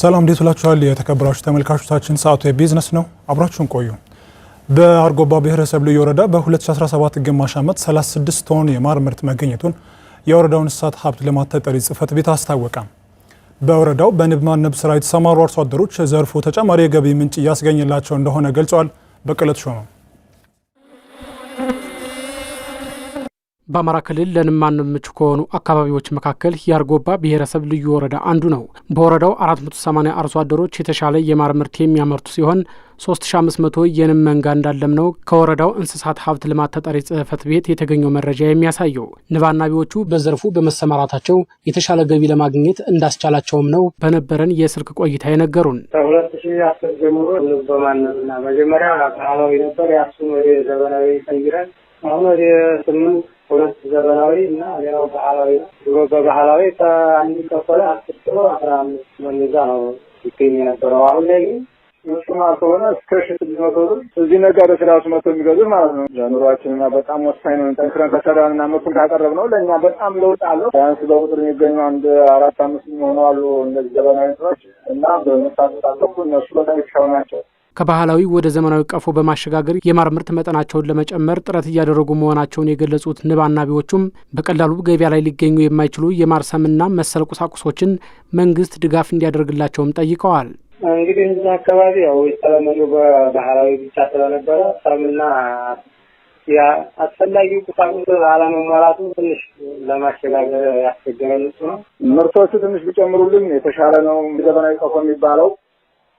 ሰላም እንዴት ውላችኋል? የተከበራችሁ ተመልካቾቻችን ሰዓቱ የቢዝነስ ነው። አብራችሁን ቆዩ። በአርጎባ ብሔረሰብ ልዩ ወረዳ በ2017 ግማሽ ዓመት 36 ቶን የማር ምርት መገኘቱን የወረዳው እንስሳት ሀብት ልማት ተጠሪ ቤት አስታወቀ። በወረዳው በንብ ማነብ ስራ የተሰማሩ አርሶ አደሮች ዘርፉ ተጨማሪ የገቢ ምንጭ እያስገኘላቸው እንደሆነ ገልጸዋል። በቅለት ሾመም በአማራ ክልል ለንማን ምቹ ከሆኑ አካባቢዎች መካከል የአርጎባ ብሔረሰብ ልዩ ወረዳ አንዱ ነው። በወረዳው 480 አርሶ አደሮች የተሻለ የማር ምርት የሚያመርቱ ሲሆን 3500 የንም መንጋ እንዳለም ነው ከወረዳው እንስሳት ሀብት ልማት ተጠሪ ጽህፈት ቤት የተገኘው መረጃ የሚያሳየው። ንብ አናቢዎቹ በዘርፉ በመሰማራታቸው የተሻለ ገቢ ለማግኘት እንዳስቻላቸውም ነው በነበረን የስልክ ቆይታ የነገሩን። ከሁለት ሺ አስር ጀምሮ ንብ በማነብና መጀመሪያ ባህላዊ ነበር። ያሱን ወደ ዘመናዊ ቀይረን አሁን ወደ ስምንት ሁለት ዘመናዊ እና ሌላው ባህላዊ ነው። ድሮ በባህላዊ ከአንድ ከፈለ አስር ኪሎ አስራ አምስት መኔዛ ነው ይገኝ የነበረው። አሁን ላይ ግን ሹማ ከሆነ እስከ ሺ ስድስት መቶ ብር እዚህ ነጋዴዎች ራሱ መቶ የሚገዙ ማለት ነው። ለኑሯችንና በጣም ወሳኝ ነው። ጠንክረን ከሰራንና ምርቱን ካቀረብ ነው ለእኛ በጣም ለውጥ አለው። ቢያንስ በቁጥር የሚገኙ አንድ አራት አምስት የሚሆኑ አሉ እነዚህ ዘመናዊ እንትኖች እና በመሳሰት በመሳሰል እነሱ በጣም የተሻሉ ናቸው። ከባህላዊ ወደ ዘመናዊ ቀፎ በማሸጋገር የማር ምርት መጠናቸውን ለመጨመር ጥረት እያደረጉ መሆናቸውን የገለጹት ንብ አናቢዎቹም በቀላሉ ገበያ ላይ ሊገኙ የማይችሉ የማር ሰምና መሰል ቁሳቁሶችን መንግስት ድጋፍ እንዲያደርግላቸውም ጠይቀዋል። እንግዲህ እዛ አካባቢ ያው የተለመዱ በባህላዊ ብቻ ስለነበረ ሰምና ያ አስፈላጊ ቁሳቁስ አለመሟላቱ ትንሽ ለማሸጋገር ያስቸገረ ነው። ምርቶቹ ትንሽ ቢጨምሩልን የተሻለ ነው። ዘመናዊ ቀፎ የሚባለው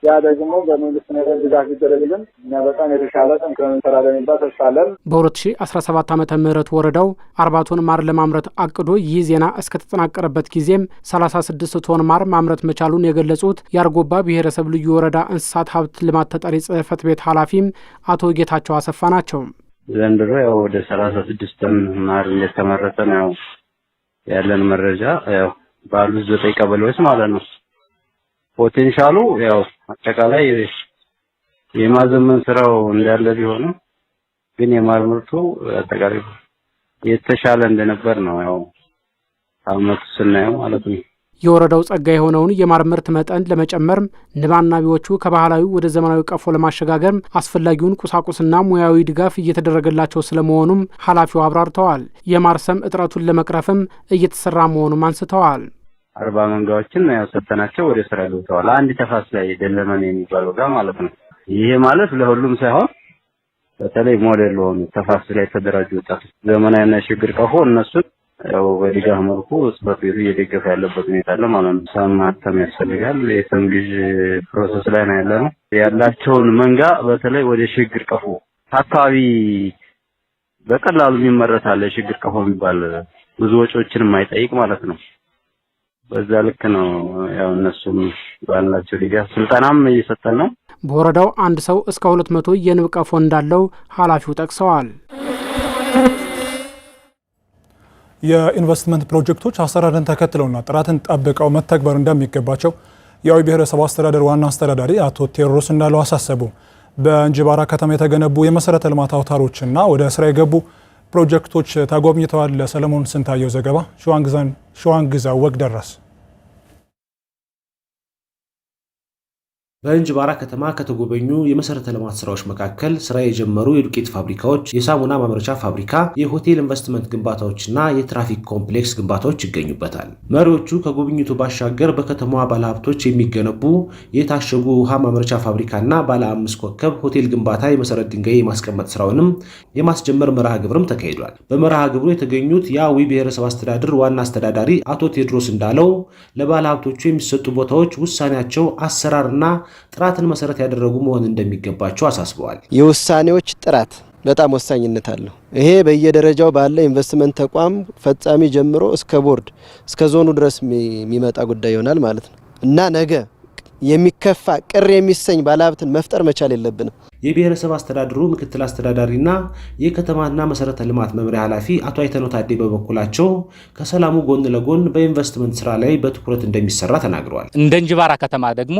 ያ ደግሞ በመንግስት ነገር ድጋፍ ይደረግልን እኛ በጣም የተሻለ ጠንክረን እንሰራለን የሚባል ተስፋ አለን አስራ ሰባት አመተ ምህረት ወረዳው አርባ ቶን ማር ለማምረት አቅዶ ይህ ዜና እስከተጠናቀረበት ጊዜም ሰላሳ ስድስት ቶን ማር ማምረት መቻሉን የገለጹት የአርጎባ ብሔረሰብ ልዩ ወረዳ እንስሳት ሀብት ልማት ተጠሪ ጽህፈት ቤት ኃላፊም አቶ ጌታቸው አሰፋ ናቸው። ዘንድሮ ያው ወደ 36 ቶን ማር እንደተመረተ ነው ያለን መረጃ ያው ባሉት ዘጠኝ ቀበሌዎች ማለት ነው። ፖቴንሻሉ ያው አጠቃላይ የማዘመን ስራው እንዳለ ቢሆንም ግን የማር ምርቱ አጠቃላይ የተሻለ እንደነበር ነው ያው አመቱ ስናየው ማለት ነው። የወረዳው ጸጋ የሆነውን የማር ምርት መጠን ለመጨመር ንባናቢዎቹ ከባህላዊ ወደ ዘመናዊ ቀፎ ለማሸጋገር አስፈላጊውን ቁሳቁስና ሙያዊ ድጋፍ እየተደረገላቸው ስለመሆኑም ኃላፊው አብራርተዋል። የማር ሰም እጥረቱን ለመቅረፍም እየተሰራ መሆኑም አንስተዋል። አርባ መንጋዎችን ነው ሰተናቸው ወደ ስራ ገብተዋል። አንድ ተፋስ ላይ ደለመን የሚባለው ጋር ማለት ነው። ይሄ ማለት ለሁሉም ሳይሆን በተለይ ሞዴል ለሆኑ ተፋስ ላይ የተደራጁ ወጣቶች ዘመናዊና ሽግግር ቀፎ እነሱን ያው በድጋፍ መልኩ ጽሕፈት ቤቱ እየደገፈ ያለበት ሁኔታ አለ ማለት ነው። ሳም ማተም ያስፈልጋል። ግዥ ፕሮሰስ ላይ ነው ያለ ነው። ያላቸውን መንጋ በተለይ ወደ ሽግግር ቀፎ አካባቢ በቀላሉ የሚመረታል። ሽግግር ቀፎ የሚባል ብዙ ወጪዎችን የማይጠይቅ ማለት ነው። በዛ ልክ ነው። ያው እነሱም ባላቸው ጊዜ ስልጠናም እየሰጠን ነው። በወረዳው አንድ ሰው እስከ ሁለት መቶ የንብ ቀፎ እንዳለው ኃላፊው ጠቅሰዋል። የኢንቨስትመንት ፕሮጀክቶች አሰራርን ተከትለውና ጥራትን ጠብቀው መተግበር እንደሚገባቸው የአዊ ብሔረሰብ አስተዳደር ዋና አስተዳዳሪ አቶ ቴዎድሮስ እንዳለው አሳሰቡ። በእንጅባራ ከተማ የተገነቡ የመሰረተ ልማት አውታሮችና ወደ ስራ የገቡ ፕሮጀክቶች ተጎብኝተዋል። ለሰለሞን ስንታየው ዘገባ። ሸዋንግዛ ወግ ደረስ በእንጅባራ ከተማ ከተጎበኙ የመሰረተ ልማት ስራዎች መካከል ስራ የጀመሩ የዱቄት ፋብሪካዎች፣ የሳሙና ማምረቻ ፋብሪካ፣ የሆቴል ኢንቨስትመንት ግንባታዎችና የትራፊክ ኮምፕሌክስ ግንባታዎች ይገኙበታል። መሪዎቹ ከጉብኝቱ ባሻገር በከተማዋ ባለሀብቶች የሚገነቡ የታሸጉ ውሃ ማምረቻ ፋብሪካና ባለ አምስት ኮከብ ሆቴል ግንባታ የመሰረት ድንጋይ የማስቀመጥ ስራውንም የማስጀመር መርሃ ግብርም ተካሂዷል። በመርሃ ግብሩ የተገኙት የአዊ ብሔረሰብ አስተዳደር ዋና አስተዳዳሪ አቶ ቴድሮስ እንዳለው ለባለሀብቶቹ የሚሰጡ ቦታዎች ውሳኔያቸው አሰራርና ጥራትን መሰረት ያደረጉ መሆን እንደሚገባቸው አሳስበዋል። የውሳኔዎች ጥራት በጣም ወሳኝነት አለው። ይሄ በየደረጃው ባለ ኢንቨስትመንት ተቋም ፈጻሚ ጀምሮ እስከ ቦርድ እስከ ዞኑ ድረስ የሚመጣ ጉዳይ ይሆናል ማለት ነው እና ነገ የሚከፋ ቅር የሚሰኝ ባለሀብትን መፍጠር መቻል የለብንም። የብሔረሰብ አስተዳድሩ ምክትል አስተዳዳሪና የከተማና መሰረተ ልማት መምሪያ ኃላፊ አቶ አይተኖ ታዴ በበኩላቸው ከሰላሙ ጎን ለጎን በኢንቨስትመንት ስራ ላይ በትኩረት እንደሚሰራ ተናግረዋል። እንደ እንጅባራ ከተማ ደግሞ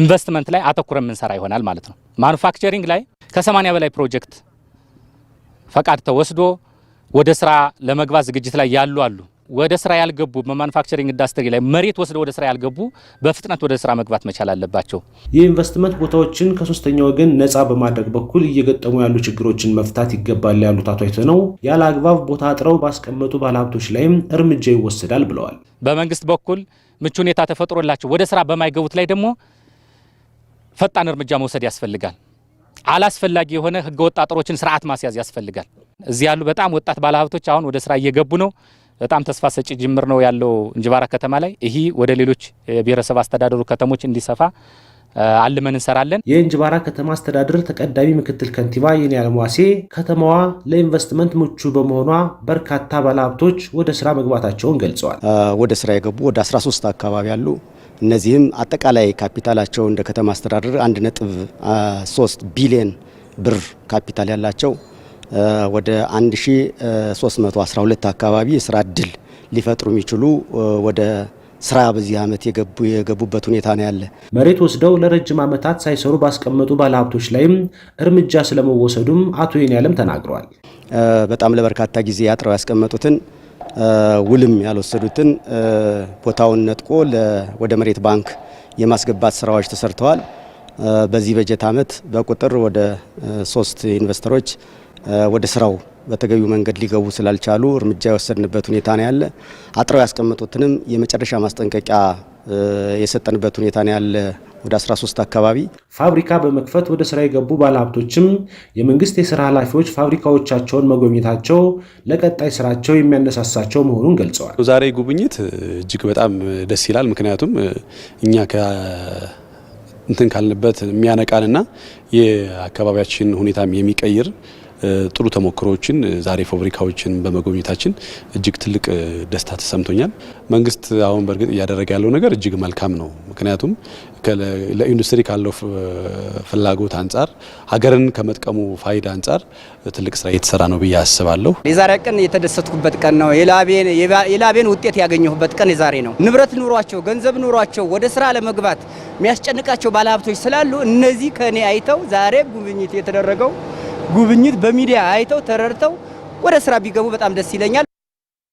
ኢንቨስትመንት ላይ አተኩረ የምንሰራ ይሆናል ማለት ነው። ማኑፋክቸሪንግ ላይ ከ80 በላይ ፕሮጀክት ፈቃድ ተወስዶ ወደ ስራ ለመግባት ዝግጅት ላይ ያሉ አሉ ወደ ስራ ያልገቡ በማኑፋክቸሪንግ ኢንዱስትሪ ላይ መሬት ወስደው ወደ ስራ ያልገቡ በፍጥነት ወደ ስራ መግባት መቻል አለባቸው። የኢንቨስትመንት ቦታዎችን ከሶስተኛ ወገን ነፃ በማድረግ በኩል እየገጠሙ ያሉ ችግሮችን መፍታት ይገባል ያሉት አቶ አይተነው ያለ አግባብ ቦታ አጥረው ባስቀመጡ ባለሀብቶች ላይም እርምጃ ይወሰዳል ብለዋል። በመንግስት በኩል ምቹ ሁኔታ ተፈጥሮላቸው ወደ ስራ በማይገቡት ላይ ደግሞ ፈጣን እርምጃ መውሰድ ያስፈልጋል። አላስፈላጊ የሆነ ወጥ አጥሮችን ስርዓት ማስያዝ ያስፈልጋል። እዚህ ያሉ በጣም ወጣት ባለሀብቶች አሁን ወደ ስራ እየገቡ ነው። በጣም ተስፋ ሰጪ ጅምር ነው ያለው እንጅባራ ከተማ ላይ። ይህ ወደ ሌሎች ብሔረሰብ አስተዳደሩ ከተሞች እንዲሰፋ አልመን እንሰራለን። የእንጅባራ ከተማ አስተዳደር ተቀዳሚ ምክትል ከንቲባ የኔ አለሟሴ ከተማዋ ለኢንቨስትመንት ምቹ በመሆኗ በርካታ ባለሀብቶች ወደ ስራ መግባታቸውን ገልጸዋል። ወደ ስራ የገቡ ወደ 13 አካባቢ አሉ። እነዚህም አጠቃላይ ካፒታላቸው እንደ ከተማ አስተዳደር 1.3 ቢሊዮን ብር ካፒታል ያላቸው ወደ 1312 አካባቢ የስራ እድል ሊፈጥሩ የሚችሉ ወደ ስራ በዚህ ዓመት የገቡበት ሁኔታ ነው ያለ። መሬት ወስደው ለረጅም ዓመታት ሳይሰሩ ባስቀመጡ ባለሀብቶች ላይም እርምጃ ስለመወሰዱም አቶ ይንያለም ተናግረዋል። በጣም ለበርካታ ጊዜ አጥረው ያስቀመጡትን ውልም ያልወሰዱትን ቦታውን ነጥቆ ወደ መሬት ባንክ የማስገባት ስራዎች ተሰርተዋል። በዚህ በጀት ዓመት በቁጥር ወደ ሶስት ኢንቨስተሮች ወደ ስራው በተገቢው መንገድ ሊገቡ ስላልቻሉ እርምጃ የወሰድንበት ሁኔታ ነው ያለ። አጥረው ያስቀመጡትንም የመጨረሻ ማስጠንቀቂያ የሰጠንበት ሁኔታ ነው ያለ። ወደ 13 አካባቢ ፋብሪካ በመክፈት ወደ ስራ የገቡ ባለሀብቶችም የመንግስት የስራ ኃላፊዎች ፋብሪካዎቻቸውን መጎብኘታቸው ለቀጣይ ስራቸው የሚያነሳሳቸው መሆኑን ገልጸዋል። ዛሬ ጉብኝት እጅግ በጣም ደስ ይላል። ምክንያቱም እኛ እንትን ካልንበት የሚያነቃንና የአካባቢያችን ሁኔታም የሚቀይር ጥሩ ተሞክሮዎችን ዛሬ ፋብሪካዎችን በመጎብኘታችን እጅግ ትልቅ ደስታ ተሰምቶኛል። መንግስት አሁን በእርግጥ እያደረገ ያለው ነገር እጅግ መልካም ነው። ምክንያቱም ለኢንዱስትሪ ካለው ፍላጎት አንጻር ሀገርን ከመጥቀሙ ፋይዳ አንጻር ትልቅ ስራ እየተሰራ ነው ብዬ አስባለሁ። የዛሬ ቀን የተደሰትኩበት ቀን ነው። የላቤን ውጤት ያገኘሁበት ቀን የዛሬ ነው። ንብረት ኑሯቸው፣ ገንዘብ ኑሯቸው ወደ ስራ ለመግባት የሚያስጨንቃቸው ባለሀብቶች ስላሉ እነዚህ ከኔ አይተው ዛሬ ጉብኝት የተደረገው ጉብኝት በሚዲያ አይተው ተረድተው ወደ ስራ ቢገቡ በጣም ደስ ይለኛል።